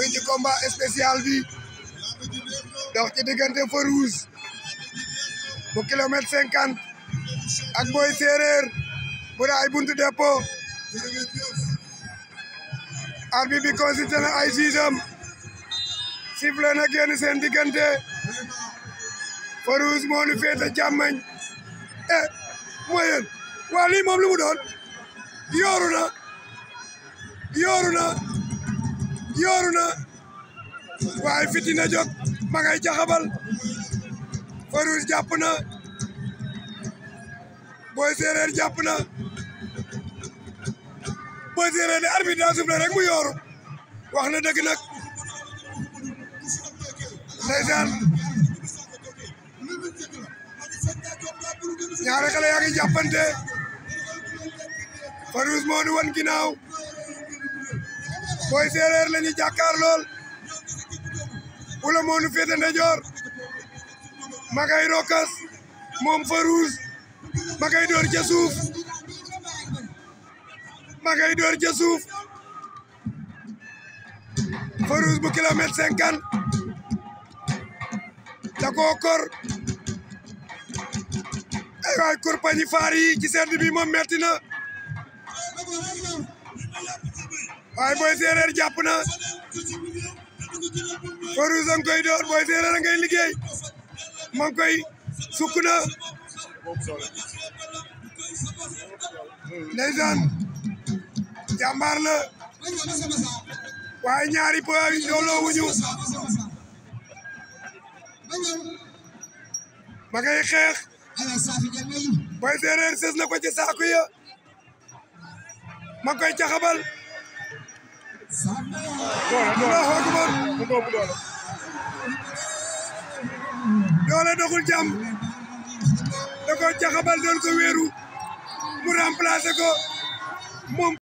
ngi ci combat spécial bi dox ci diggante bu kilomètre cinquante ak boy séeréer bu raay buntu dépôt bi consulté ay siisam sifflé na génn seen diggante feu rouge moo nu moyen eh, waa lii moom lu mu doon yooru na yooru na waaye fitina jóg ma jaxabal Farouz jàpp na Boy Séeréer jàpp na Boy Séeréer ne arbitre daa sufle rek mu yooru wax na dëgg nag ndeysaan ñaari xale yaa ngi jàppante Farouz moo nu wan ginnaaw booy séeréer la ñu lool Oula moo nu féete ndejoor ma rokas moom farouge ma ngay door ca suuf ma door ca suuf bu kilomètre cinquante da koo kor ay faar yi ci sedd bi moom metti waaye booy séeréer jàpp na Farouz a ngi koy door booy séeréer a liggéey ma koy sukk na ndeysaan jàmbaar la waaye ñaari po yi dooloo wuñu xeex booy séeréer sës na ko ci saaku koy caxabal Allahu akbar doole doxul jàmm da ko jaxabal doon ko wéeru mu remplacer ko moom